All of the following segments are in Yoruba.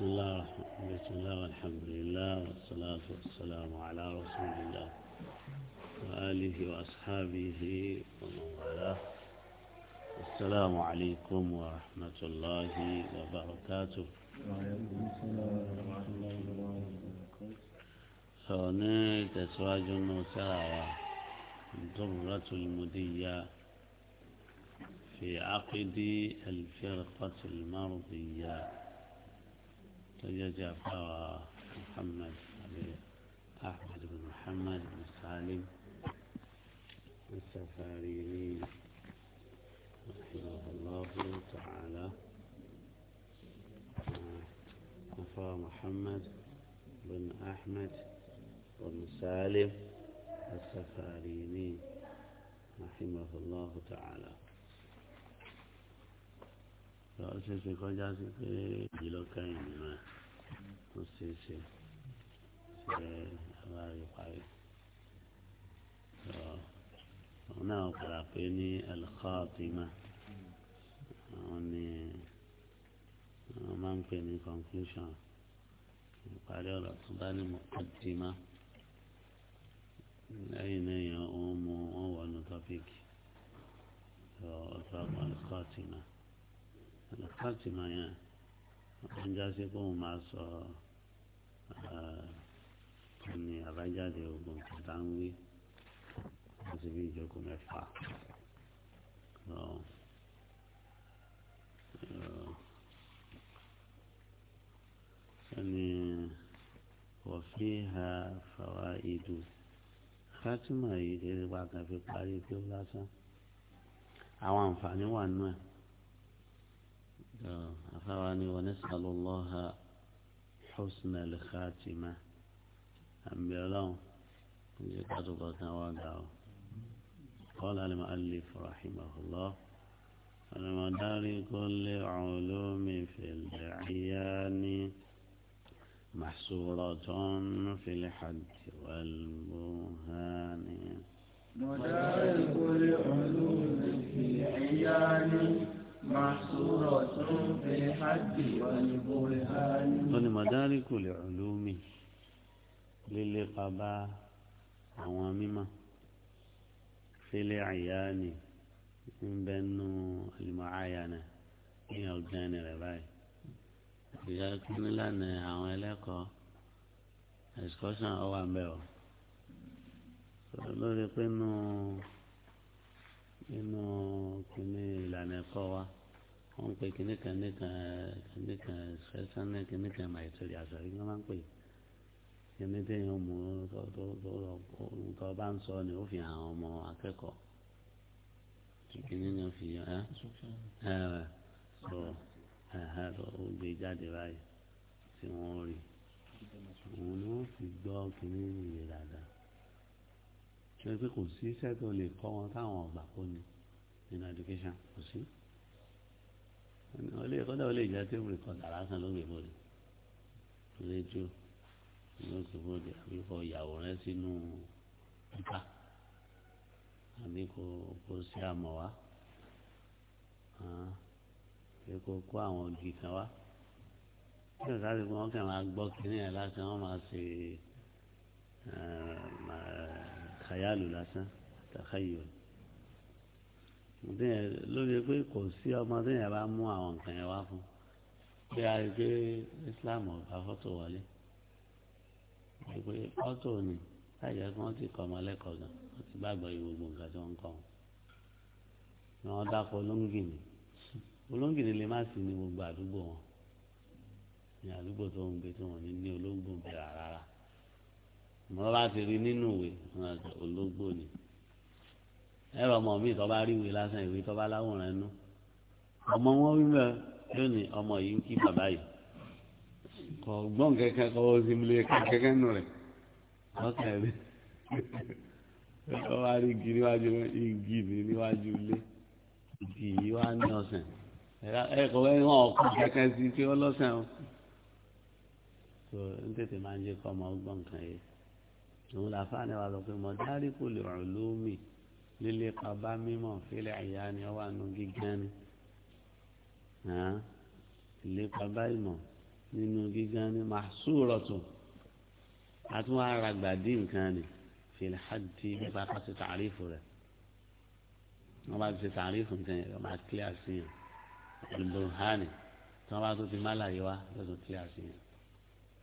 بسم الله الرحمن بسم الله والحمد لله والصلاة والسلام على رسول الله وآله وأصحابه ومن والاه السلام عليكم ورحمة الله وبركاته هنا تسواج النساء درة المدية في عقد الفرقة المرضية تجاجع محمد أحمد بن محمد بن سالم السفاريني رحمه الله تعالى أفا محمد بن أحمد بن سالم السفاريني رحمه الله تعالى لأسفك وجاسك جلوكين ما tó ṣe é ṣe ṣe aláàrí parí. àwọn náà padà pé ní alkhatima àwọn ni wọ́n máa ń pè ní conclusion ìparí ọ̀rọ̀ tó bá ní muqaddima lẹ́yìn náà yẹn wọ́n mú wọ́n wọnú tọ́píìkì ọ̀tọ̀ alkhatima alkhatima yẹn àjọṣe kó o máa sọ ẹni eh, àbájáde ogun kàtà ń wí láti bí ìjókòó mẹ́fà ẹni eh, ha, fàwa ìdù fátìmọ̀ yìí kéré wákàtí parí pé ó lásán àwọn àǹfààní wà nù ẹ̀. أخواني ونسأل الله حسن الخاتمة أنبياء لهم قال المؤلف رحمه الله المدار كل علوم في العيان محصورة في الحد والبهان مدار كل علوم في العيان محصورة في الحد والبرهان من مدارك العلوم للقبا àwọn mímọ́ fílẹ àyáni ń bẹ nù ìmọ̀ àyànà ní ọgbẹni rẹ báyìí ìyá kúnilànà àwọn ẹlẹ́kọ̀ọ́ excursion ọwà ń bẹ ọ lórí pinnu nínú kìnní ìlànà ẹ̀kọ́ wa wọ́n ń pè kìnní kan nìkan kìnní kan sẹ́sánná kìnní kan màìtìrì àṣàrí wọ́n máa ń pè kìnní téèyàn mú tó bá ń sọ ni ó fi hàn ọmọ akẹ́kọ̀ọ́ kìnní ni ó fi hàn gbé jáde báyìí tí wọ́n rí òun ni wọ́n fi gbọ́ kìnní yìí dáadáa ṣe pé kò sí iṣẹ́ tó lè kọ́ wọn táwọn ọgbà kó ni nínú education kò sí olè kọ́dà olè jẹ́ tí òun kọ́ dàrá kan lórí ìbòdì rédíò lórí ìbòdì àbí kọ́ yàwòrán sínú pípa àbí kò kò sí àmọ̀ wá pé kò kó àwọn ògì kan wá bí ọ̀gá rẹ̀ wọ́n kàn máa gbọ́ kínní ẹ̀ láti wọ́n máa ṣe ẹ̀ẹ́ àtàkàyàlù lásán àtàkàyò lórí pé kò sí ọmọdé yẹn bá mú àwọn nǹkan yẹn wá fún pé a rí pé Islam ọba fọ́tò wọlé pé fọ́tò ni láyé kí wọ́n ti kọ́ ọmọ lẹ́kọ̀ọ́ gan wọ́n ti gbàgbọ́ yìí gbogbo nǹkan tí wọ́n ń kọ́ wọn ni wọ́n dákọ̀ olóńgìní olóńgìní lè má sí ní gbogbo àdúgbò wọn ní àdúgbò tó ń gbé tí wọ́n ní ní olóńgbò bẹ̀rẹ̀ rárá mo bá ti rí nínú ìwé ológbò ni ẹrọ ọmọ mi tó bá rí ìwé lásán ìwé tó bá láwòrán ẹnu ọmọ wọn wí mẹ lónìí ọmọ yìí ń kí bàbá yìí kò gbọ́n kẹ́kẹ́ kọ́ ó sì lè kẹ́kẹ́ nù rẹ̀ lọ́kàn rí wọ́n wá rí igi níwájú igi mi níwájú ilé igi yìí wá ní ọ̀sẹ̀ ẹ̀kọ́ ẹ̀ wọ́n ọ̀kọ́ kẹ́kẹ́ sí pé ọlọ́sẹ̀ o tó ń tètè máa ń jẹ́ kọ́ ọmọ ọgbọ́n kan yìí òun làfáàní wa sọ pé mọ̀dárì kò lè rùn lómi lílé pàbá mímọ̀ fílẹ̀ àyà ni ọwọ́ àánú gíga ni ilé pàbá ìmọ̀ nínú gíga ni màsúrọ̀ tó àtúwọ̀n aragbàdì nǹkan ni fílẹ̀ hàdí nípa ká ṣe tàrífù rẹ̀ wọ́n bá ṣe tàrífù nǹkan yẹn wọ́n bá kílẹ̀ sí yẹn olùbọ̀hánì tó ti má láyé wá lọ́sùn kílẹ̀ sí yẹn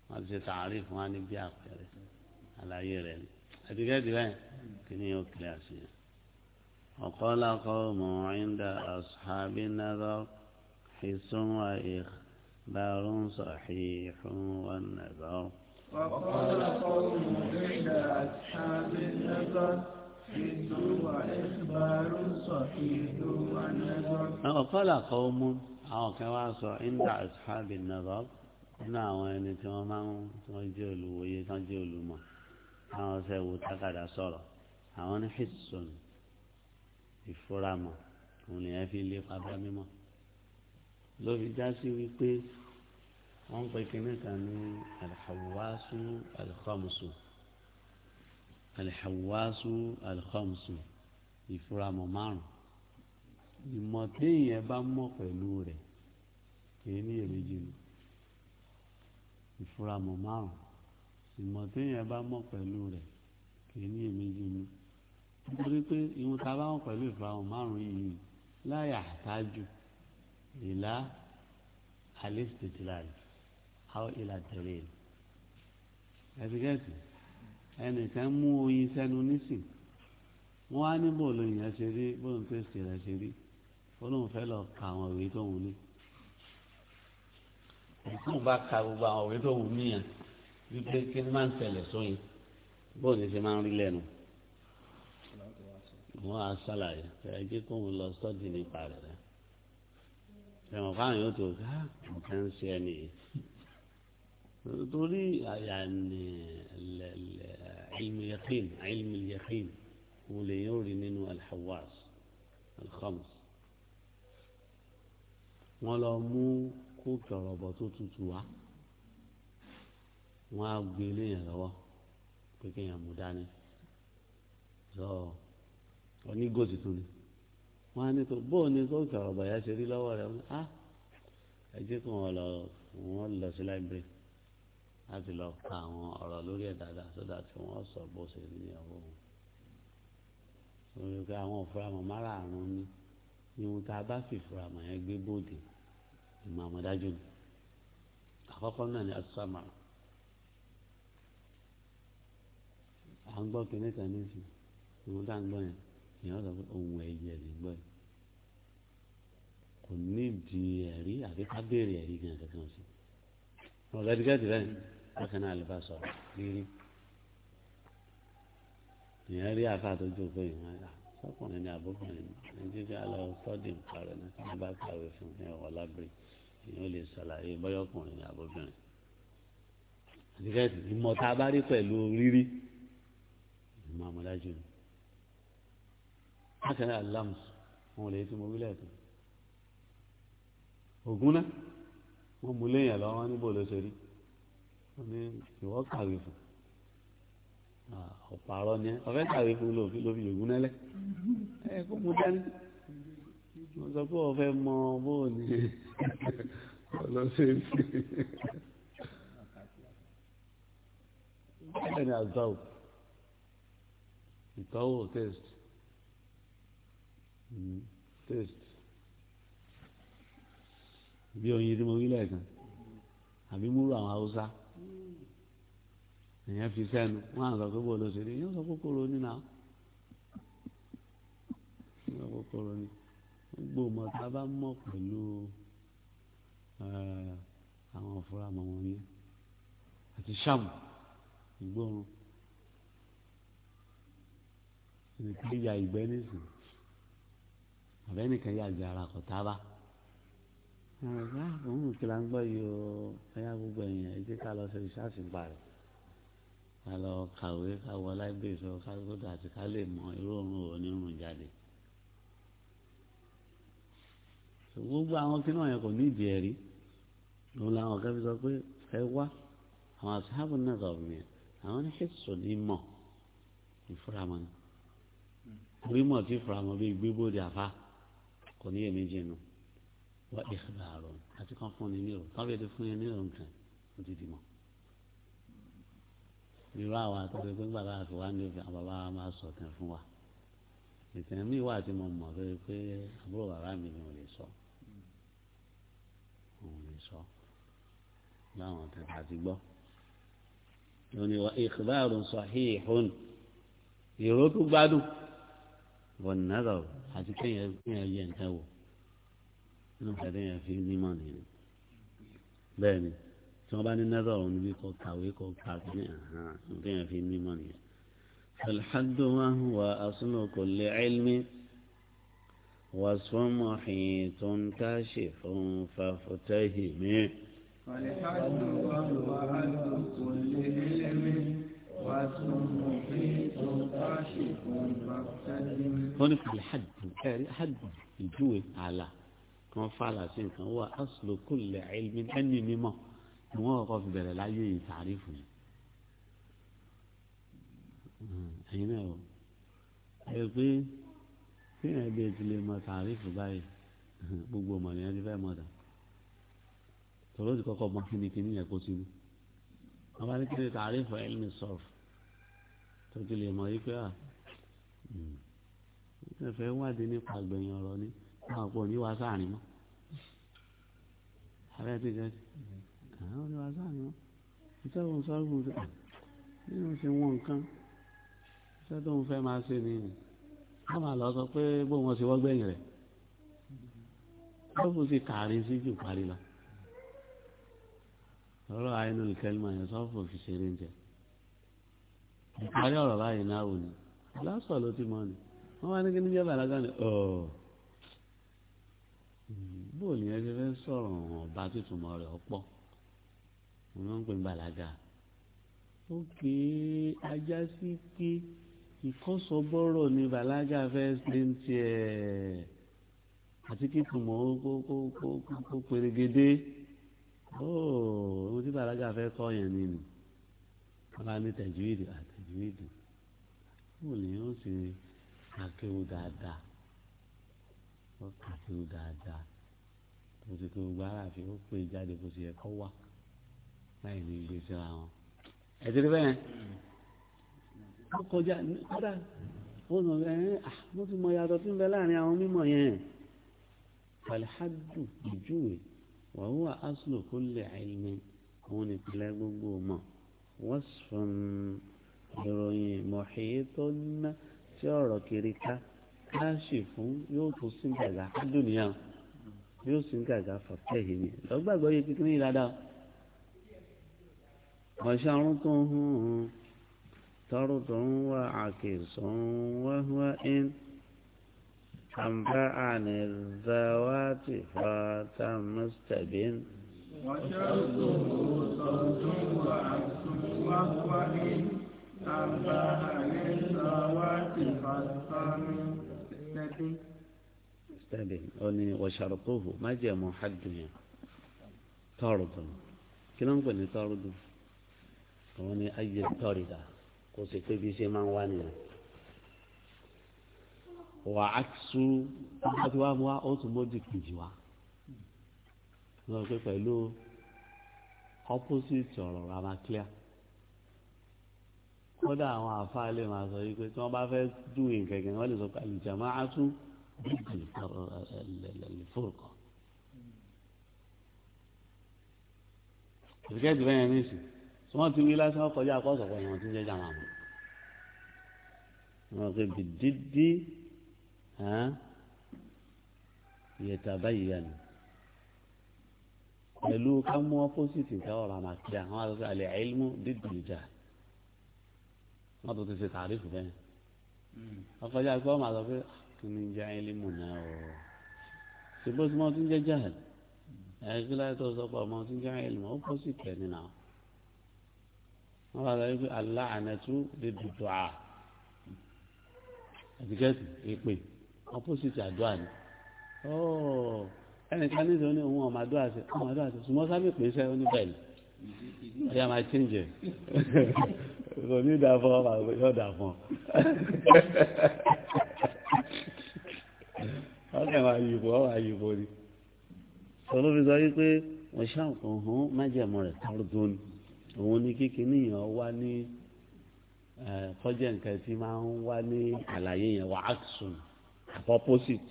wọ́n ti ṣe tàrífù يعني. وقال قوم عند أصحاب النذر حس وإخبار صحيح والنظر وقال قوم عند أصحاب النذر حس وإخبار صحيح أه، وقال قوم أو أه، عند أصحاب النذر نعم àwọn ẹni tí wọ́n máa àwọn ọ̀sẹ̀ wò tákàdá sọ̀rọ̀ àwọn ní hìsùn ìfúramọ̀ òun lè fi lé pàbá mímọ́ ló fi já sí wípé wọ́n ń pe kinní kan ní alhawaasu alhamsu alhawaasu alhamsu ìfúramọ̀ márùn ìmọ̀ téèyàn bá mọ̀ pẹ̀lú rẹ̀ kì èrè jìnnà ìfúramọ̀ márùn ìmọ̀ téèyàn bá mọ̀ pẹ̀lú rẹ̀ kì í ní èméjì mi nítorí pé ìhun tá a bá wọn pẹ̀lú ìfarahàn márùn yìí láyà àtájù ìlà alẹ́sìtìtìláì àwọn ìlà tẹ̀lé e. ẹ̀sìkẹ́sì ẹnìkan mú oyin sẹ́nu nísìn wọ́n á ní bò lóyìn ẹ̀ ṣe rí bóun tẹ̀sí rẹ̀ ṣe rí ó lóun fẹ́ lọ ka àwọn òwe tó wù ní. ìkú bá ka gbogbo àwọn òwe tó wù níyàn wípé kí ni máa ń ṣẹlẹ̀ sóyin bó ni ṣe máa ń rí lẹ́nu wọ́n á ṣàlàyé ẹ jẹ́ kó ń lọ sọ́ọ̀dì nípa rẹ̀ rẹ̀ ẹ̀wọ̀n fáwọn yóò tó ká ah, nǹkan ń ṣe ẹni yìí torí àyàní ilmiyaqin ilmiyaqin wọ́n lè yóò rí nínú alhawas alhams wọ́n lọ mú kókè ọ̀rọ̀bọ̀ tó tutù wá wọn á gbé eléyàn lọ́wọ́ pé kéèyàn mú dání lọ onígòsì tún ni wọn á ní tó bóun ni tó kà ọ̀bà yá ṣe rí lọ́wọ́ rẹ̀ wọn á ah, ẹ jẹ́ kí wọ́n lọ wọ́n lọ sí láìbírì láti lọ ka àwọn ọ̀rọ̀ lórí ẹ̀ dáadáa sódà tí wọ́n sọ bó ṣe ní ọwọ́ wọn lórí pé àwọn òfuramọ̀ márààrún ni ihun tá a bá fi ìfuramọ̀ yẹn gbé bóde ìmọ̀ àmọ̀dájú ni àkọ́kọ́ náà ni asọ́mọ̀ràn. à ń gbọ́ kínní kan nísìn ìwọ́n tá à ń gbọ́ yẹn èèyàn sọ pé ohun ẹ̀yẹ lè gbọ́ yẹn kò ní di ẹ̀rí àfi ká béèrè ẹ̀rí gan kankan sí ọ̀gá ẹ̀dígẹ́dì rẹ̀ bákan náà lè bá sọ rírí èèyàn rí àfa tó jókòó yìí wọn sọkùnrin ní àbókùnrin ní títí alọ sọdí nǹkan náà tí bá kàwé fún ẹ wọ lábẹrẹ èèyàn lè ṣàlàyé bọyọkùnrin ní àbókùnrin ẹ̀dígẹ́dì ìmọ̀ta bá rí pẹ̀lú rírí ìmáàmù lájú ni láti ní alams wọn lè tí mo wílẹ̀ tó ògún náà wọn mú léèyàn lọ́wọ́ níbo ló ṣe rí wọn ní ìwọ kàwé fún ọ̀pààrọ̀ ni ọ̀fẹ́ kàwé fún ló fi ògún náà lẹ̀ ẹ kó mu dání wọn sọ pé ọ̀fẹ́ mọ bóò ní ọlọ́sẹ̀ fi ìtọ́wò taste mm, taste bí oyin tí mo wí lẹ́ẹ̀kan àbí múrò àwọn haúsá èèyàn fi sẹ́nu wọ́n á sọ pé bó ló ṣe dé yóò sọ kókóró ní náà yóò sọ kókóró ní gbogbo ọmọ tá a bá mọ̀ pẹ̀lú àwọn ọ̀fúra mọ̀mọ́ yẹn àti sàmù ìgbóhùn nìkan ya ìgbẹ́ nísìn àbẹ́ nìkan ya jàrà kọ̀tàbà àgbà òun kìlà ń gbọ́ yìí o ẹ̀yà gbogbo ẹ̀yìn ẹ̀ jẹ́ ká lọ ṣe ìṣáàṣì ń parẹ́ ká lọ kàwé ká wọ láìbẹ̀rẹ̀ sọ ká gbọ́dọ̀ àti ká lè mọ irú òórùn onírùn jáde. gbogbo àwọn kí náà yẹn kò ní ìdí ẹ̀rí òun làwọn kẹ́mi sọ pé ẹ wá àwọn àṣàbùn náà sọ̀rọ̀ mi àwọn ní ṣètò ní mọ̀ ìfúramọ́ni rímọ̀ tí faramọ́ bíi gbígbóde àfa kò ní èmi jẹnu wá ìhàbà àrò àti kan fún ni nírò tọ́bí ti fún ni nírò nǹkan ó ti dìmọ̀. irú àwọn àtọ́jú pé bàbá àti wá ní ìfẹ́ bàbá wa máa sọ kan fún wa. ìtàn mi wà tí mo mọ̀ lórí pé àbúrò bàbá mi ni ò lè sọ. ò lè sọ láwọn tẹ̀lé àti gbọ́. ìròyìn ìhàbà àrò sahihun ìró tó gbádùn. والنذر حتى كان ينتهوا انهم في نيمان هنا باني ثم في نيمان فالحد وهو أصل كل علم وصف محيط كاشف ففتهم فالحد هو أصل كل علم wọ́n ní kò hajj ẹ̀rí hajj ìjúwe àlà kí wọ́n fàlà sí nǹkan wà aslu kulli ilmi ẹni mímọ́ ni wọ́n kọ́ fi bẹ̀rẹ̀ láyé ìtàrífù yìí. ẹ̀yin náà o ẹ pé kí ẹ̀ bí etí lè mọ tàrífù báyìí gbogbo ọmọ nìyẹn ti fẹ́ mọ̀ dà tòlóòtì kọ́kọ́ mọ́ kíni kíni yẹn kó sínú. wọ́n bá tàrífù ilmi sarf tó lè mọ yí pé à hmm, ẹ wádìí nípa àgbẹ̀yìn ọ̀rọ̀ ni wọn kò ní wá sáàrin mọ́ ààrẹ ti jẹ́ àwọn ní wá sáàrin mọ́ iṣẹ́ òun sọ́rùn tó nínú ṣe wọ́n nǹkan iṣẹ́ tó ń fẹ́ máa ṣe ni wọ́n máa lọ sọ pé bó wọn ṣe wọ́gbẹ̀yìn rẹ̀ sọ́fù ti kàrí sí jù parí lọ ọ̀rọ̀ àìnú ìkẹlẹ́mọ̀ yẹn sọ́fù fi ṣeré ń jẹ́ ìparí ọ̀rọ̀ báyìí náà wò ni lásọ ló ti mọ ni wọ́n wá ní kí ní jẹ́ bàlágà ni ọ̀ bó ni ẹ ti fẹ́ sọ̀rọ̀ ọ̀bá tuntun rẹ̀ ọ̀pọ̀ wọ́n máa ń pè ní bàlágà ókè ajá sí ké ìkọ́sọ̀bọ̀rọ̀ ni bàlágà fẹ́ ṣe ń tiẹ̀ àti kíkùn mọ́ kó kó kó kó pèrègédé óò ohun tí bàlágà fẹ́ kọ́ yẹn ni ni wọ́n bá ní tẹ̀jú ìdí àti tajwid bó lè yóò ṣe akéwò dáadáa wọ́n kàkéwò dáadáa tó ti kó gbogbo ara fi ó pè jáde bó ṣe yẹ kó wà láì ní gbé síra wọn. ẹ ti rí bẹ́ẹ̀ wọ́n kọjá kódà wọ́n sọ ẹ́ mo ti mọ yàtọ̀ tí ń bẹ láàrin àwọn mímọ̀ yẹn falhadu ìjúwe wàhùwà aslu kulli ilmi òun ìpìlẹ̀ gbogbo mọ̀ wọ́n sọ̀rọ̀ ìròyìn mọ̀hìn tó ná sí ọ̀rọ̀ kiri ká láṣì fún yóò tún sí gàgà dúnìá yóò sí gàgà fàfẹ́ yìí ni lọ́gbàgbọ́ yẹ kíkiri yìí dáadáa ọ̀ṣàrún tó ń hùn ún tọ́rọ̀ tó ń wá àkèsàn wáhùwá ẹ́n àǹbá àní zawati fata mustabin. ọ̀ṣàrún tó ń hùn ún tọ́rọ̀ tó ń wá àkèsàn wáhùwá ẹ́n. سبح أني وشرطه ما جاء محد يا طرد كلا نقول طرد أني أي طرد قصي تبي شيء ما وانيا وعكس أدوا موا في جوا نقول كله opposite ọ̀rọ̀ rà máa clear kódà àwọn àfáà lè máa sọ wípé tí wọ́n bá fẹ́ júwe kẹ̀kẹ́ wọ́n lè sọ pé àlìjàmá á tún lẹ́lẹ́lẹ́fọ́ọ̀kọ́. ìfikẹ́tì bẹ́ẹ̀ yẹn nísì tí wọ́n ti wí lásán kọjá akọ́sọ̀ pé wọ́n ti ń jẹ́jà máa mú. wọ́n pe bìdídí yẹ̀tà báyìí yẹn pẹ̀lú ká mú ọ́pọ́sìtì ká ọ̀rọ̀ àmàkíyà wọ́n á sọ pé àlẹ́ àìlmú dídì ìjà wọ́n tó ti ṣe tàrífù bẹ́ẹ̀ ọkọjá pé wọ́n máa sọ pé ah, kí ni jẹ́ ẹ́límù náà o ṣèbó tí wọ́n ti ń jẹ́ jáàl ẹ̀ kí láyé tó sọ pé ọmọ ti ń jẹ́ ẹ́límù ó pọ̀ sí ìpẹ́ nínú àwọn wọ́n bá sọ pé aláàánẹ́tú lè dùdù à ẹ̀dígẹ́tì èpè ọpọ́sìtì àdúrà ni oh, ẹnìkan ní ìṣòro ní òun ọmọ àdúrà ṣe ọmọ àdúrà ṣe sùmọ́ sábẹ́ pèsè oníbẹ̀lì ẹ̀yà máa ṣe ń kò ní ìdá yóò dà fún ọ ọkẹ yìbò ọ máa yìbò ni sọlọ sọ yìí pé ṣàǹkàn hàn májẹmọ rẹ tọrọdọ ni òun ni kíkiní yẹn wá ní kọjá nǹkan tí máa ń wá ní àlàyé yẹn wà á sùn opposite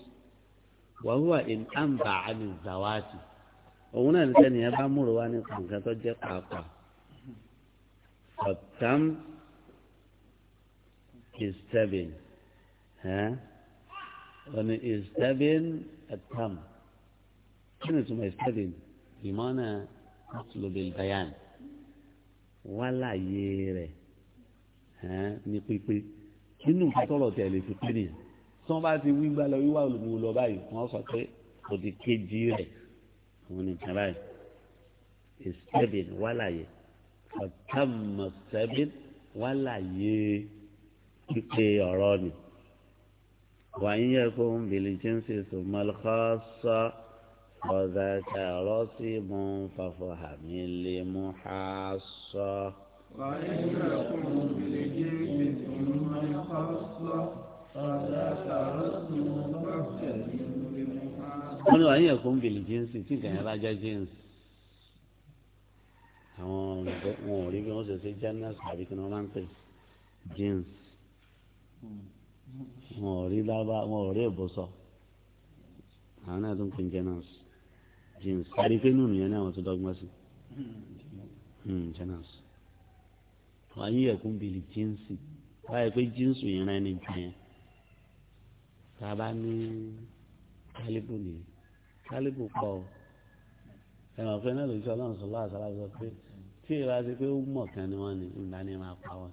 wàhùwà in àǹbà àni zawati òun náà ní sẹ́ni bá múrò wá nípa nǹkan tó jẹ́ pàápàá. التم استبن ها أن استبن التم شنو اسمه استبن بمعنى أطلب البيان ولا يره ها نقيقي nínú nǹkan tọrọ tí a lè fi pé nìyẹn tí wọn bá ti wí gbá lọ wíwá olùmọwò lọ báyìí wọn sọ pé òdì kejì rẹ òun nìkan báyìí ìsẹbìn wà láàyè ọ̀tàmọ̀ sẹ́bí wà láàyè pípe ọ̀rọ̀ ni. وإن يكن بالجنس ثم الخاصة وذاك رسم ففهم لمحاصة وإن يكن بالجنس ثم الخاصة وذاك رسم ففهم لمحاصة وإن يكن بالجنس تلك هذا جنس àwọn òyìnbó wọn ò rí bí wọ́n ṣe ṣe jannat àbí kí wọ́n máa ń pè jeans wọn ò rí lábá wọn ò rí ìbùsọ àwọn náà tó pè jannat jeans àbí pé nínú yẹn ní àwọn tó dọ́gbọ́n sí hmm, jannat wọ́n ayé ẹ̀kún bìlì jíǹsì báyìí pé jeans yẹn rẹ́ ní jẹ́ tá a bá ní kálíbù nìyẹn kálíbù pọ̀ ọ́ ẹ̀wọ̀n pé náà lójú ọlọ́run sọ̀rọ̀ àṣàlá sọ pé tí ìwà ṣe pé ó mọ̀ kan ni wọ́n ní ìgbà ni máa pa wọn.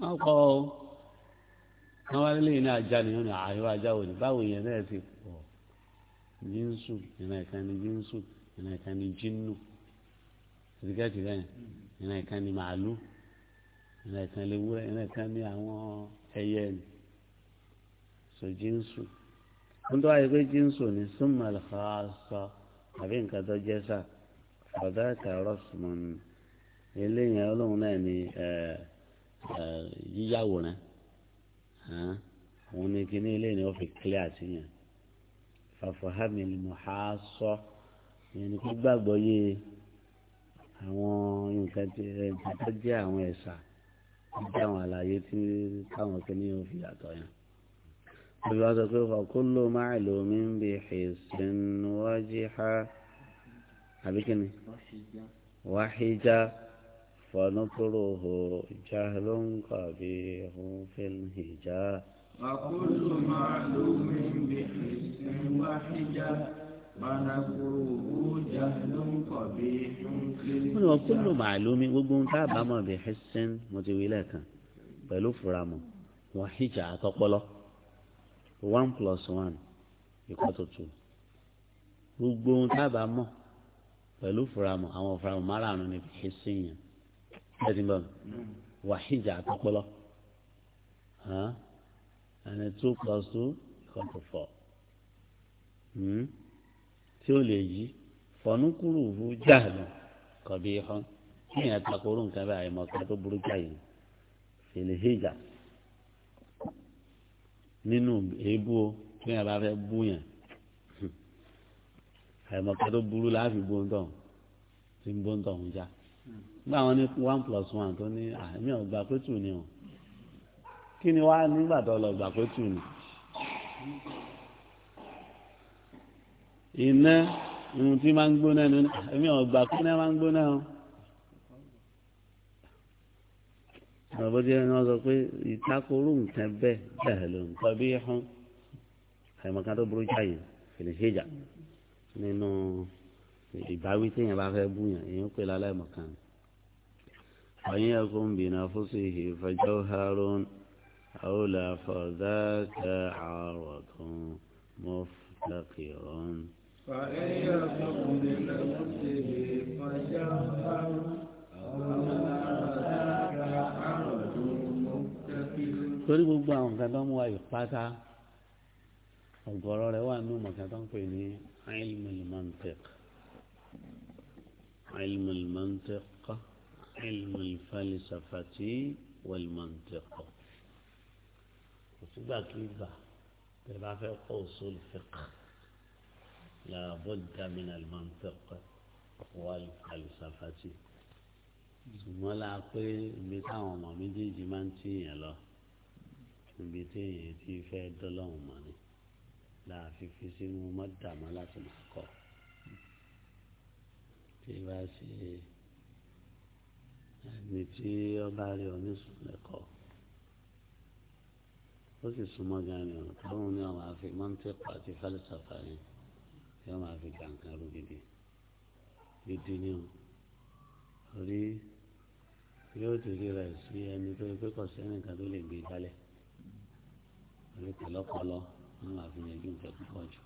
wọ́n kọ́ ọ wọ́n wá nílé ní ajá ni wọ́n ní àyọ̀ ajá wò ní báwo yẹn náà ti pọ̀ jínsù ìnà ìkan ni jínsù ìnà ìkan ni jínù ìdíkẹ́tì bẹ́ẹ̀ ìnà ìkan ni màálù ìnà ìkan ni ewúrẹ́ ìnà ìkan ni àwọn ẹyẹ ni so jínsù. wọ́n tó wáyé pé jínsù ni súnmọ́ àlùfáà sọ àbí nǹkan tó jẹ́ sáà ọ̀dà kàrọ́sìmọ̀ ni eléyìí ọlọ́run náà ni yíyàwòrán òun ni kíní eléyìí ni wọ́n fi kílẹ̀ àtìyàn fàfọ̀hámi mọ̀hásọ ìyẹn ni kó gbàgbọ́ yé àwọn nǹkan tó jẹ́ àwọn ẹ̀sà tó jẹ́ àwọn àlàyé tí táwọn kíní yóò fi yàtọ̀ yẹn. Olùwàsọ̀ pé fàkúlò máàlú mi ń bi hìsìn wájú ha àbí kí ni wàhíjà fọnùkúrò hù jahlun qabihun fil hija. وكل معلوم بحسن وحجة ونكره جهل قبيح في وكل معلوم gbogbo ń tábà mọ̀ bí hẹ́sìn mo ti wí lẹ́ẹ̀kan pẹ̀lú fúramọ̀ wọ́n híjà àtọ́pọ́lọ́ one plus one equal gbogbo ń tábà pẹ̀lú furamu àwọn furamu márààrún ni fi sí yẹn ẹ̀sìn bọ̀ wàhíjà àtọ́pọ́lọ́ ẹni two plus two equal to four hmm? tí ó lè yí fọnukuru hu jáàlù kọ̀bí hàn kíyàn takoru nǹkan bá àìmọ̀ kan tó burú jáì fèlèhíjà nínú èébú o kíyàn bá fẹ́ bú yẹn àìmọ̀ká tó burú láàfi bóńtọ̀ tí ń bóńtọ̀ ń já nígbà wọn ní one plus one tó ní àmì ọ̀gbà pé tù ni o kí ni wàá nígbà tó lọ gbà pé tù ni. iná irun tí máa ń gbóná ni àmì ọ̀gbà pé iná máa ń gbóná o. àwọn bó ti ẹni wọn sọ pé ìtakoru nǹkan bẹ́ẹ̀ bẹ́ẹ̀ ló ń tọ́ bí hàn àìmọ̀ká tó burú jáyé fìlẹ̀ ṣèjà nínú ìbáwí téèyàn bá fẹ́ búyàn èyí ń pè lálẹ́ mọ̀kàn. ọ̀yìn ẹkùn bìnnà fúsì ìfẹjọ́ harun àwòlà fọ̀dákà àròkùn mọ́fìlákìrún. ọ̀yìn ẹkùn bìnnà fúsì ìfẹjọ́ harun àwòlà fọ̀dákà àròkùn mọ́fìlákìrún. torí gbogbo àwọn nǹkan tó ń wá ìpátá ọ̀gọ̀rọ̀ rẹ̀ wà nínú mọ̀kàn tó ń pè ní. علم المنطق علم المنطق علم الفلسفة والمنطق وتبقى كيفا تبقى في قوس الفقه لا بد من المنطق والفلسفة ṣùgbọ́n la pé ibi táwọn ọmọ méjèèjì máa ń في lọ ibi téèyàn láàfin fi sínú mọ́dàmọ́ láti máa kọ́ tí bá ṣe ẹni tí ọba rí onísùn lẹ́kọ̀ọ́ ó sì súnmọ́ gan-an ọ̀nà tóun ní ọmọ àfi mọ́ńtẹ́kọ̀ àti fẹ́lẹ́sọ̀fà yẹn tí ọmọ àfi gbàǹkan rú gidi gidi ni o torí yóò ti ríra sí ẹni tó yẹ pé kọ̀sẹ́nìkan tó lè gbé kalẹ̀ e orí pẹ̀lọ́pọ̀lọ́ wọn wà fi yanjú nǹkan púpọ̀ jù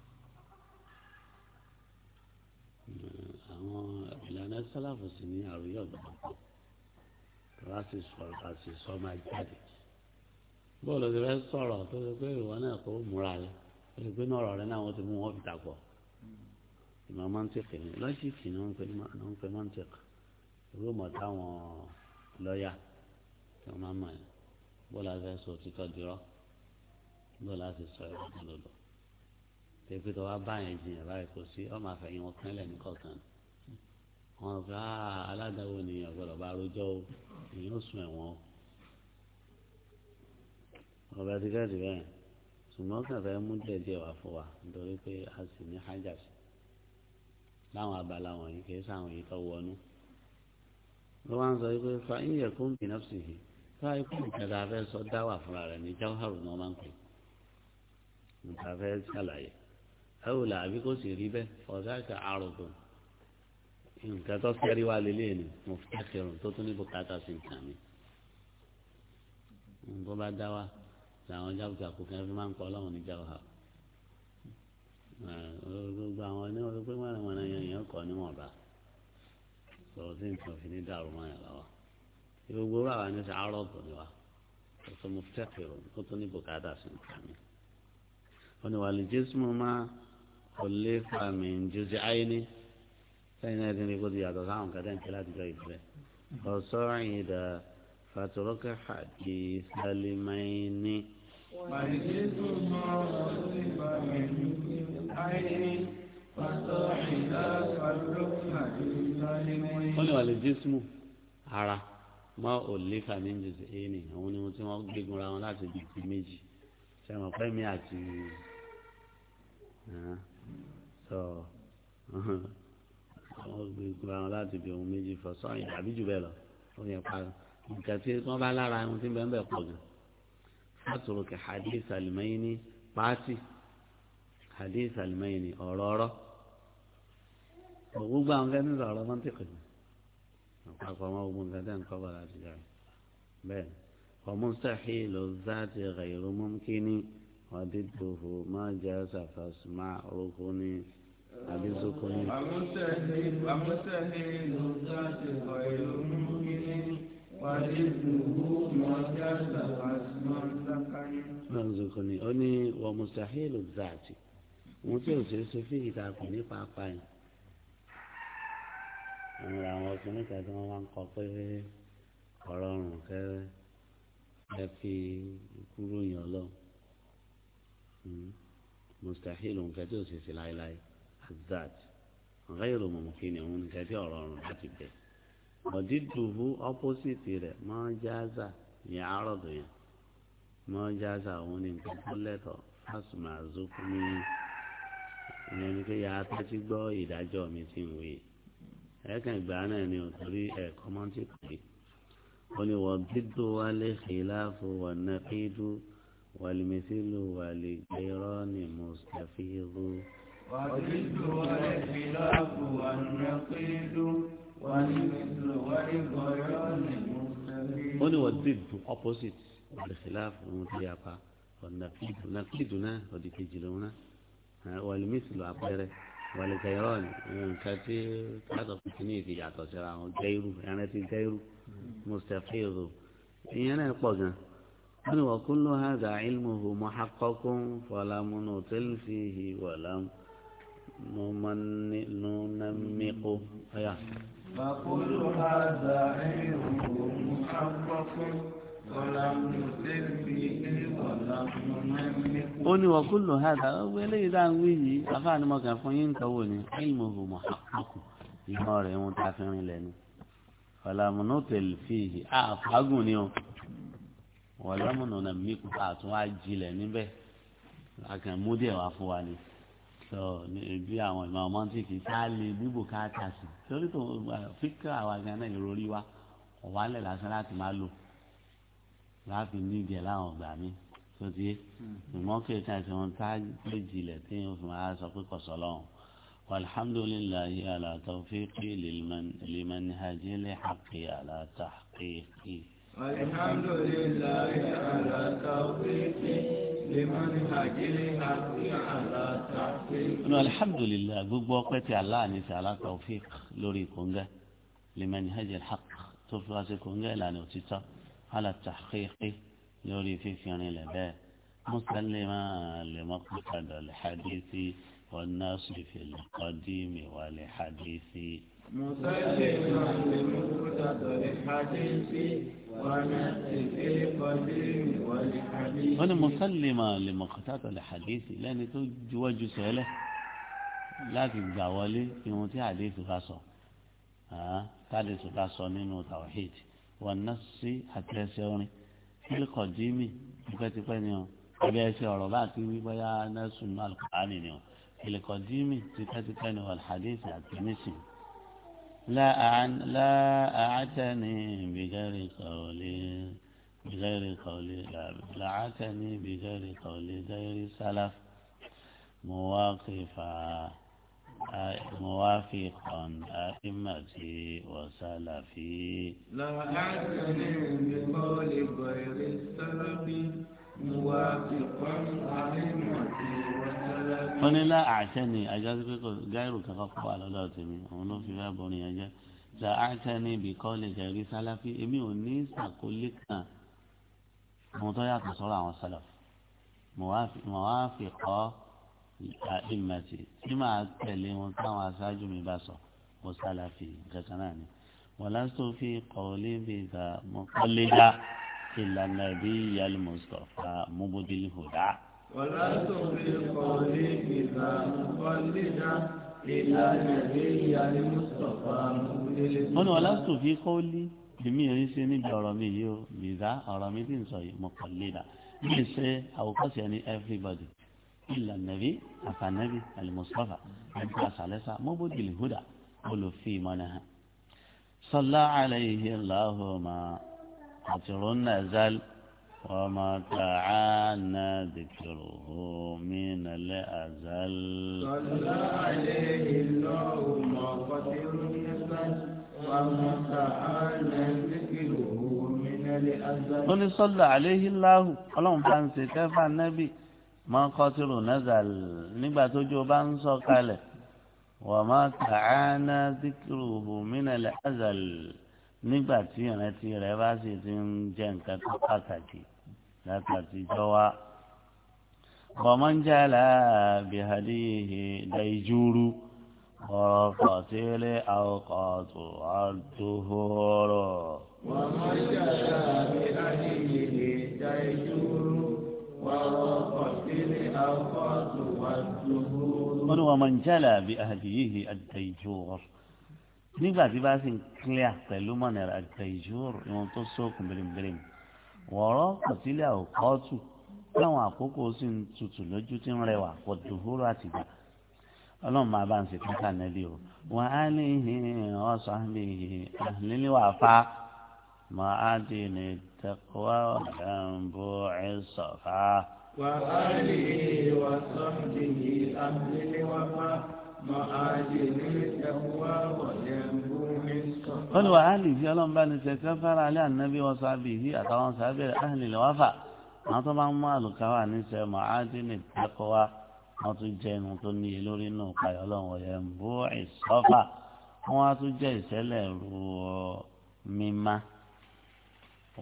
àwọn ìlànà sálàfù sì ní àròyé ọ̀dọ́ pọ̀ tọ́lá sì sọ̀rọ̀ ká sì sọ máa jáde bọ́ọ̀lù ti fẹ́ sọ̀rọ̀ tó ṣe pé ìwọ náà kó múra rẹ tó ṣe pé náà ọ̀rọ̀ rẹ náà wọ́n ti mú wọn fi dàpọ̀ ìmọ̀ mọ́ntìkì ni lọ́jìkì ni wọ́n ń pe mọ́ntìkì ìwé mọ̀ táwọn lọ́ọ̀yà tí máa mọ̀ bọ́ọ̀lù afẹ́ sọ òtítọ́ dirọ́ lọ́ọ́ láti sọ ẹ̀rọ kan lọ́dọ̀ pépé tó wá báyẹn jiyàn báyìí kò sí ọmọ àfẹ̀yìn wọn kan lẹ́nu kọ̀ọ̀kan wọn fẹ́ ah, aládàáwò ni ọ̀gbọ́dọ̀ bá rojọ́ o èyí ò sùn ẹ̀wọ̀n o ọ̀rọ̀ ti kẹ́ẹ̀tì bẹ́ẹ̀ ṣùgbọ́n kẹfẹ́ mú díẹ̀ díẹ̀ wá fún wa nítorí pé a sì ní hajas láwọn abala wọ̀nyí kì í sáwọn èyí tó wọnú ló wá ń sọ pé fa ìyẹ̀kùn bìnnà sí i fa ikú ìkẹta fẹ́ sọ dáwà fúnra rẹ̀ ní jáwárù ni wọ́n máa ń pè é nǹkan fẹ́ ṣàlàyé ẹ̀wùlà àbí kò sì rí bẹ́ẹ̀ ọ̀gáàkà àrògùn nǹkan tó kẹ́rí wá lélẹ̀ ni mo fẹ́ kẹrùn tó tún ní bùkátà sí nǹkan mi nǹkan bá dá wa làwọn jábùkà kò kẹ́ fi máa ń kọ́ ọlọ́run ní jábùkà gbogbo àwọn ẹni wọn pé wọn àwọn èèyàn yẹn kọ níwọ̀nba sọ̀rọ̀ tí nǹkan fi ní dàrú mọ́ yẹn lọ́wọ́ gbogbo wa wà ní sàárọ̀ bò ní wa tó tún ní bùkátà sí nǹkan mi oníwàlì jésùmù máa kọlé fàmì jùzí àyíní sẹ́yìn náà dín ní kó ti yàtọ̀ sáwọn kẹtẹ́ ń kí láti jọ ìfẹ́ ọ̀sọ́rin ìdá fàtúrọ́kẹ́ àti sálímáìní. wàlì jésùmù máa kọlé fàmì jùzí àyíní fàtúrọ́kẹ́ ìdá fàtúrọ́kẹ́ àti sálímáìní. wọ́n ní wàlì jésùmù ara mọ òlé fàmíjì ẹni àwọn ni wọn tí wọn wọn láti bìtì méjì sẹmọ pẹmí àti sọ àwọn gbogbo àwọn láti bí ohun méjì fọ sọyìn àbí jù bẹ́ẹ̀ lọ ohun yẹn pa nǹkan tí wọ́n bá lára ohun tí bẹ́ẹ̀ bẹ́ẹ̀ pọ̀ gan fàtúrò kẹ hadith alimẹ́yìn ní pàásì hadith alimẹ́yìn ní ọ̀rọ̀ ọ̀rọ̀ gbogbo àwọn kẹ́ni sọ̀rọ̀ mọ́ntìkì àpapọ̀ ọmọ ogun nǹkan tẹ́ ń kọ́ bọ̀lá ti jà bẹ́ẹ̀ ọmọ sàhílù záàtì rẹ̀ ìrú وضده ما جاز فاسمع ركني أبي سكني ومسهل الذات غير ممكن وضده ما جاز فاسمع ركني أني ومستحيل الذات wọ́n tí ò ṣe é ṣe fi ìtakùn nípa apáyìn àwọn àwọn ọkùnrin kan tí wọ́n máa ń kọ pé ọ̀rọ̀ ọ̀rùn kẹ́rẹ́ ẹ fi ikú ròyìn ọlọ́run. Hmm. mustahil nǹkan tí ó sì sí láéláé azad ghayru mumkin òun nǹkan tí ọ̀rọ̀ ọ̀run láti bẹ̀. ọ̀dídùbú ọ́pọ́sìtì rẹ̀ mọ́jáza ní àárọ̀dù yẹn mọ́jáza òun ni nǹkan tó lẹ́tọ̀ fásùmà zokumi ìyẹn ni pé ya tẹ́tí gbọ́ ìdájọ́ mi ti ń wí ẹ̀ẹ́kàn ìgbà náà ni ò torí ẹ̀kọ́ mọ́ntì pé ó ní wọ́n dídùn wálé khilaafu wọ́n nàkídùn. والمثل وللجيران مستفيض والجد والخلاف والنقيض والمثل والجيران مستفيض هنا والضد opposite والخلاف ومتيابا والنقيض نقيضنا ودي تجلونا والمثل عبارة والجيران كثير هذا فكني في جاتو سرا جيرو يعني تجيرو مستفيض يعني قوزنا wọ́n وكل هذا علمه ilmuhu فلا fọlámúnú tẹ́lifíhì wàlámúnúnàmíkù. wọ́kúnlọ́ hàzà ilmuhu muhaqqaqun fọlámúnú tẹ́lifíhì wàlámúnúnàmíkù. ó ní wọ́kúnlọ́ hàzà ọgbẹ́ eléyìí dáa ń wí yìí bàbá ni mo kàn fún yín nǹkan wò ní ilmuhu muhaqqaqun ìmọ̀ rẹ̀ ń ta fi rinlẹ̀ ni fọlámúnú tẹ́lifíhì àfàgùn ni o wọ́n lámùnà náà mí kú àtún wá jilẹ̀ níbẹ̀ àkànmúdìẹ̀ wá fún wa ni sọ bí àwọn ìmọ̀ mọ́ntìkì tá a lè bíbò ká tà sí torí tó fíkà àwa gan náà ìròrí wa ọ̀wálẹ̀ lásán láti má lò láàfin nídìí ẹ̀ láwọn ọ̀gbà mi tó ti yé hmm. ìmọ̀ kéèké àti wọn tá a lè jilẹ̀ tí yóò fi máa sọ pé kọ̀sọ̀ lọ́hùn. والحمد لله على توفيقي لمنهج لحقي على تحقيقي alhamdulillahi ala tawfiqi liman hajiri àti ala tawfiqi. inú alhamdulilayi gbogbo ọpẹ́ tí aláà ní ti ala tawfiq lórí kóńgá liman hajiri haq tó fi wá sí kóńgá ìlànà òtítọ́ ala tahqiqi lórí fífi rìn lẹ̀ bẹ́ẹ̀ mùsàlìmá lèmọ́kùtàdọ̀ lẹ́hàdíìsì wọn náà sì fi lè kọ́ dí mi wà lẹ́hàdíìsì. مسلما لمقتضى الحديث wọ́n ní mọ́sálìmọ̀ lè mọ̀kọ́tàtọ̀ lè hàdíìsì lẹ́ni tó juwọ́jú sẹ́lẹ̀ láti gbà wọlé ìwọ̀n tí hàdíìsì bá sọ hàdíìsì bá sọ nínú tawhid wọn ná sí àtẹ́sẹ̀ orin kílíkọ̀ dìímì tipẹ́tipẹ́ ni ọ ẹgbẹ́ ẹsẹ̀ ọ̀rọ̀ bá ti wí bóyá nẹ́sùn náà kàánì ni ọ kílíkọ̀ dìímì tipẹ́tipẹ́ ni wọn hàdíìsì àtẹ́mísìn لا أعن لا أعتني بغير قولي بغير قولي لا أعتني بغير قولي غير سلف مواقفا موافقا أئمتي وسلفي لا أعتني بقول غير السلف wọ́n ní lá àṣẹ ni ajá sí pé gáírù kankan kọ́ àlọ́dọ̀ tèmi àwọn ló fi fẹ́ bọ́rin yẹn jẹ́ là àṣẹ ni ibìkọ́ lè jẹ̀rí sálàfí èmi ò ní sàkólé kan àwọn tó yàtọ̀ sọ́rọ̀ àwọn sálàfí mọ̀ wá fi kọ́ ìmọ̀tì tí màá tẹ̀lé wọn táwọn aṣáájú mi bá sọ mo sálàfí kankan náà ni wọ́n lásìkò fi kọ́ lé bíi ìgbà mọ́kànlélá. إلا النبي المصطفى مبد الهدى ولا تطل قولي إذا مقلدا إلا النبي المصطفى مبد الهدى أنا ولا تطل قولي èmi ò ní ṣe níbi ọ̀rọ̀ mi yìí o bìzá ọ̀rọ̀ mi ti ń sọ yìí mo kàn lè dà mi ṣe àwòkọ́sí ẹni everybody ìlà nàbí àfànàbí alimusafa àti àṣàlẹ́sà mọ́bòdìlì húdà olùfí ìmọ̀nà hàn. sọlá àlẹ́ yìí láhùn máa àtìrún náà zal ọmọ tàá náà dìkìrò omi nàlẹ́ àzal. sọlá àlẹ́ ìlú ọmọ kọtìrú nípa ọmọ tàá náà dìkìrò omi nàlẹ́ àzal. ó ní sọ́lá àlẹ́ ìlú ọlọ́run bá ń ṣe kẹfà nẹ́bì mọ́ kọtìrú náà zal nígbà tójú bá ń sọ kalẹ̀ wọ́n máa tàá náà dìkìrò omi nàlẹ́ àzal nígbà tí ìrántí rẹ̀ bá sì ti ń jẹ́ nǹkan tó pàtàkì látàtí jọ wá. bọ̀mọ́ bìhàdíhì dàìjúrú ọ̀rọ̀ kọ̀tílẹ̀ àwòkọ̀tù àdúhóró. bọ̀mọ́ ń jàlá bìhàdíhì dàìjúrú ọ̀rọ̀ kọ̀tílẹ̀ àwòkọ̀tù àdúhóró. wọ́n ní wọ́n máa ń jàlá bìhàdíhì dàìjúrú nígbà tí bá sì ń clear pẹ̀lú mọ̀nàrà àgbẹ̀jọ́rò ìwọ̀n tó sókun bèrèbèrèm wọ̀rọ̀ kọ̀tílẹ̀ òkọ́tù káwọn àkókò sì ń tutù lójú tí ń rẹwà kò dùhúrò àtìgbà ọlọ́run máa bá ń ṣe pátá nẹ́bí o wà á ní ọ̀sán àmì àhìnlélẹ́wà fa mà á ní tẹ̀kọ́wá ọ̀dàǹbò ẹ̀ṣọ̀fà. wà á ní ọ̀sán àmì àhìnlélẹ́wà fa wọ́n ní wàá lè fi ọlọ́run bá ní sẹ́kẹ́ fara alẹ́ ànábì wọn sábì yìí àtàwọn sábì rẹ̀ áhìlì lọ́wọ́ fà àwọn tó máa ń mú àlùkáwà ní sẹ́ mọ́ ádínì takọ́wá wọ́n tún jẹ́ inú tó níye lórí inú payọ́ ọlọ́run ọ̀yẹ́ ń bó ìsọ́fà wọ́n á tún jẹ́ ìṣẹ̀lẹ̀ rú ọ mímá.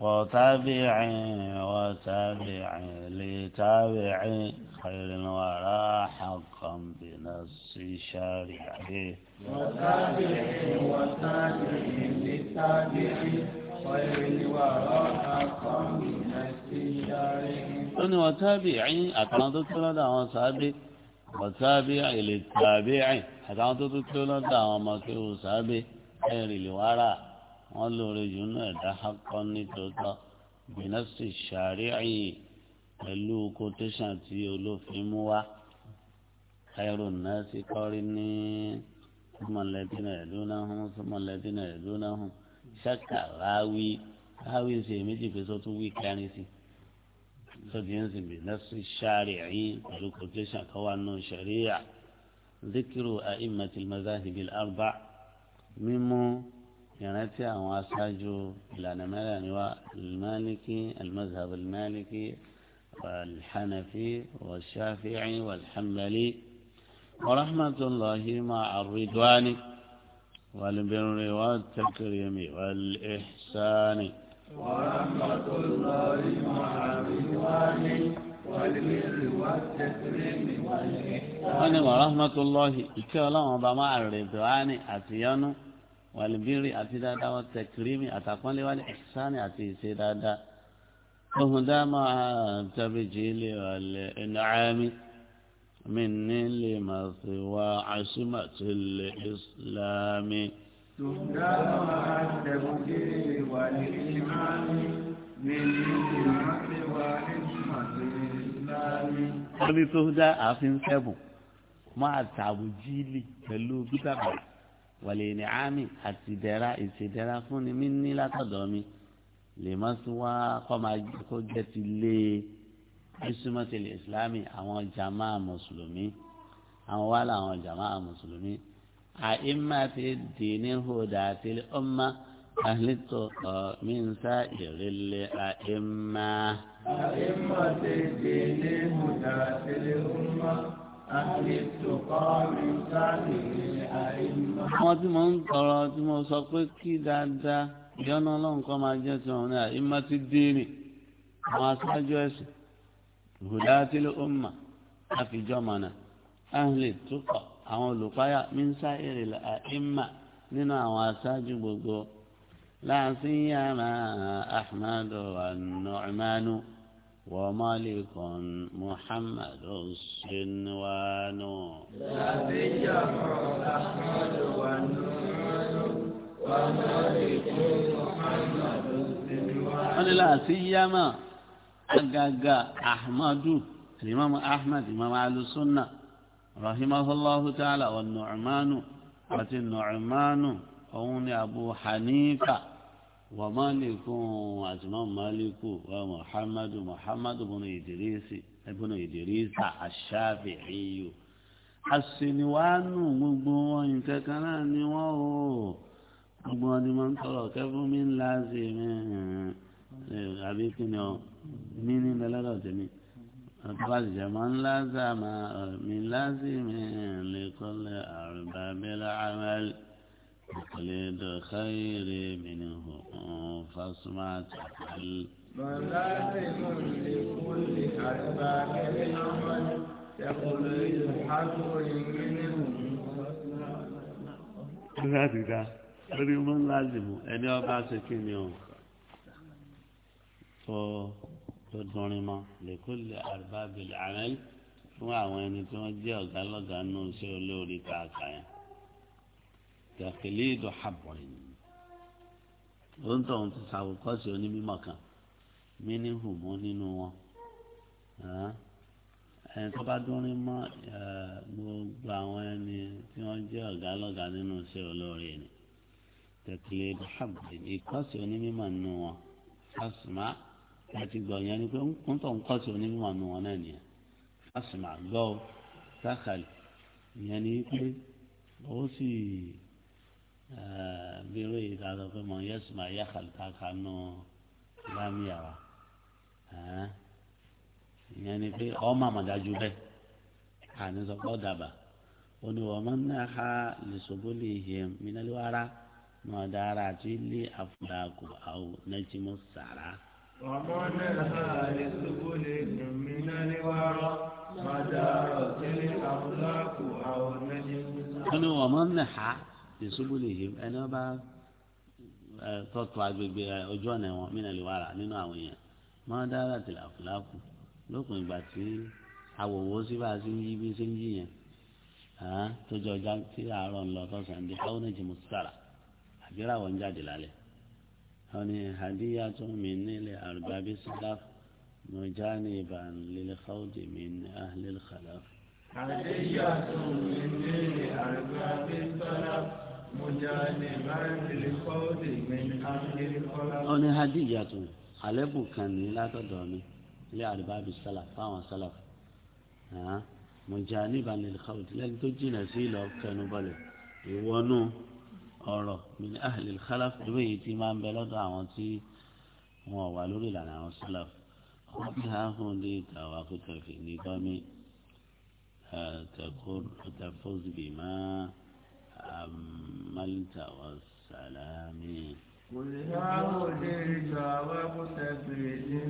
وتابعي وتابعي لتابعي خير الورى حقا بنص شارعي وتابعي وتابعي لتابعي خير الورى حقا بنص شارعي وتابعي أتنظر كل وتابعي وتابعي للتابعي أتنظر كل دعوة سابي خير الورى wọn lóore jù náà ẹ̀dá akọ nítòótọ́ bìnẹ́sì sàárẹ̀ àyè pẹ̀lú kòtẹ́sàn tí olófin mú wá káyọ̀rọ̀ náà sì kọ́rí ní mọ̀lẹ́dínà ẹ̀dúnáhùn mọ̀lẹ́dínà ẹ̀dúnáhùn ṣáka ráwí ráwí ṣe méjì pé sọ́tú wí kárin sí sọ́tí ń sìn bìnẹ́sì sàárẹ̀ àyè pẹ̀lú kòtẹ́sàn kọ́wá náà sàríyà zikiru a'immati al-mazahib mímú. يعني أتى إلى نمال يعني المالكي المذهب المالكي والحنفي والشافعي والحملي ورحمة الله مع الرضوان والبر والتكريم والإحسان ورحمة الله مع الرضوان والبر والتكريم والإحسان ورحمة الله الكلام ضمع الرضوان أتيانه wàlìbírì àti dáadáa wọn tẹkìrìmì àtàkọ́nlé wálé ẹ̀sánì àti ìṣe dáadáa ohun dáàmà tàbíjì lè wàlẹ̀ ẹ̀nàámi mi ní lè mà sí wa àṣìmà tó lè ìsìlámi. ohun dáàmà tàbíjì lè wàlẹ̀ ẹ̀nàámi mi ní lè mà sí wa àṣìmà tó lè ìsìlámi. wọ́n ní tó dá ààfin sẹ́bùn máa tàbíjì lè pẹ̀lú bíbá bàbá wàlẹ̀ ní àmì àti ìdẹ́ra ìṣèdẹ́ra fún ni mí ní látọ̀dọ̀ mi lè má sí wá kọ́ máa kó jẹ́ ti lé bísúmọ́tìlẹ̀ ìsìlámì àwọn jàmá mùsùlùmí àwọn wà láwọn jàmá mùsùlùmí àìmáàtì dìní hùdà àti ọmọ àhìlítọ̀ ọ̀mínsá ìrìlẹ̀ àìmáà. àìmáàtì dìní hùdà àti ọmọ àwọn tí mo ń tọrọ tí mo sọ pé kí dáadáa ìyọ́nà ọlọ́run kọ́ máa jẹ́ ti wọn ní àyímá ti dínì àwọn aṣáájú ẹ̀sìn ìhùdáàtìlẹ̀ ọmọ àfijọ́mọ̀nà ahìlẹ̀ tókọ̀ àwọn olùpáyà mínísà ìrìnlẹ̀ àyímá nínú àwọn aṣáájú gbogbo láàfin yàrá ahmadu wa nọ̀ọ́mánú. وملك محمد الصنوان نبي الأحمد والنور وملك محمد الصنوان لا سيما أجاجا أحمد الإمام أحمد إمام أهل السنة رحمه الله تعالى والنعمان النعمان اون أبو حنيفة ومالك عزمان مالك ومحمد محمد بن إدريس ابن إدريس الشافعي السنوان مبوين ككنان وهو مبوين من تركه من لازم أبيكني من بلغتني أطلق جمال لازم من لازم لكل أرباب العمل لد خير منه فاسمع تحل ملازم لكل أسباب العمل تقليد حذر منهم láti dá lórí mọ́ lázìmù ẹni ọba ṣe kí ni o tó tó dùnrin mọ́ lèkúlẹ̀ àrùbábìlì àrẹ́lì fún àwọn ẹni tí wọ́n jẹ́ ọ̀gá lọ́gàá náà ṣé olórí kàkà yẹn kẹ̀kẹ́lẹ́ ìdò àbọ̀ yìí ó ń tọ̀ ń ti sàwùkọ́sì onímọ̀ kan mí ní hùmọ́ nínú wọn ẹni tó bá dún ní mọ́ gbogbo àwọn ẹni tí wọ́n jẹ́ ọ̀gá lọ́gàá nínú iṣẹ́ olóore ni kẹ̀kẹ́lẹ́ ìdò àbọ̀ yìí ìkọ́sì onímọ̀ nínú wọn fásùmá àti gbọ̀nyẹn ni pé ń tọ̀ ń kọ́sì onímọ̀ nínú wọn náà nìyẹn fásùmá gbọ́ sákàlì ìyẹn ni pé ó sì. Eh, bírò yìí ká sọ pé mọ yẹsù máa yá kàlùkà kanú lámìyà wa eh, ìyẹn ni pé ọ máa mọ̀ dájú bẹ́ẹ̀ àní sọ pé ọ dàbà ó ní wọ́n máa ń ná ha lùsọ̀bọ́lì ìhìn mìnàlúwárà náà dára àti ilé àfúrákù àwọn nẹ́tìmọ̀ sàrà. ومن الحارس بلد من الورى مدار تلك أخلاق أو نجم. أنا ومن نحى ìṣubú lè yé ẹni wọn bá tọ́tù agbègbè ojú ọ̀nà wọn mí nàlẹ́ wàrà nínú àwọn èèyàn máa dára tìlà fúláàkù lópin ìgbà tí awòwò sí bá a ṣe ń yí bí ṣe ń yí yẹn tó jọ ọjà tí àárọ̀ ń lọ tọ́sán dé káwọn ní jìmọ̀ sára àgbéra wọn jáde lálẹ́ wọn ni hadiya tó mi nílẹ̀ àrùbábí sílá mọ̀já ní ìbànlélẹ́kọ́ọ̀dì mi ní àhìlẹ́lẹ́kọ́ọ̀dì àdéyàtò ilé àgbà bíntọ́lá mojàlè báyìí kọ́ọ̀dì mi àmìlẹ́kọ́lá. ó ní hadíyàtò àlẹ́bù kan ní látọ̀dọ̀ mi ilé àdìbá bíi sálà fáwọn sálà mojàlè báyìí kọ́ọ̀dì lẹ́ni tó jìnnà sí ìlọ kẹnubọ̀lẹ̀ ìwọ́nú ọ̀rọ̀ min ahli al-khalaf ìwé yìí ti máa ń bẹ lọ́dọ̀ àwọn tí wọn wà lórí ìlànà àwọn sálà wọ́n fi hàn án fún un dé ìtàwá kó ní gbọ́mí. تكون تفوز بما عملت والسلام قل يا مدير وقت في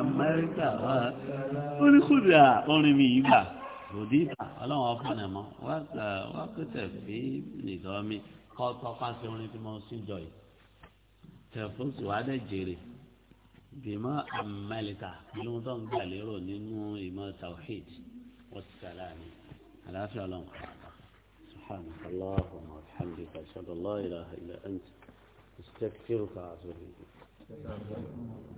amẹ́ríkà wa ó ní kúrò orin mi yìí gbà ròdìbà ọlọ́run ọ̀fọ̀nà mọ́ wá pẹ̀tẹ̀ fi nìkan mi kọ́ tọ́ka sí orin tí mo sì jọ yìí tẹ̀fọ́sì wa dẹ̀ jèrè بما عملت لو دون باليرو نينو إما توحيد والسلام على في الله سبحانك اللهم وبحمدك أشهد الله إله إلا أنت استكفرك وأتوب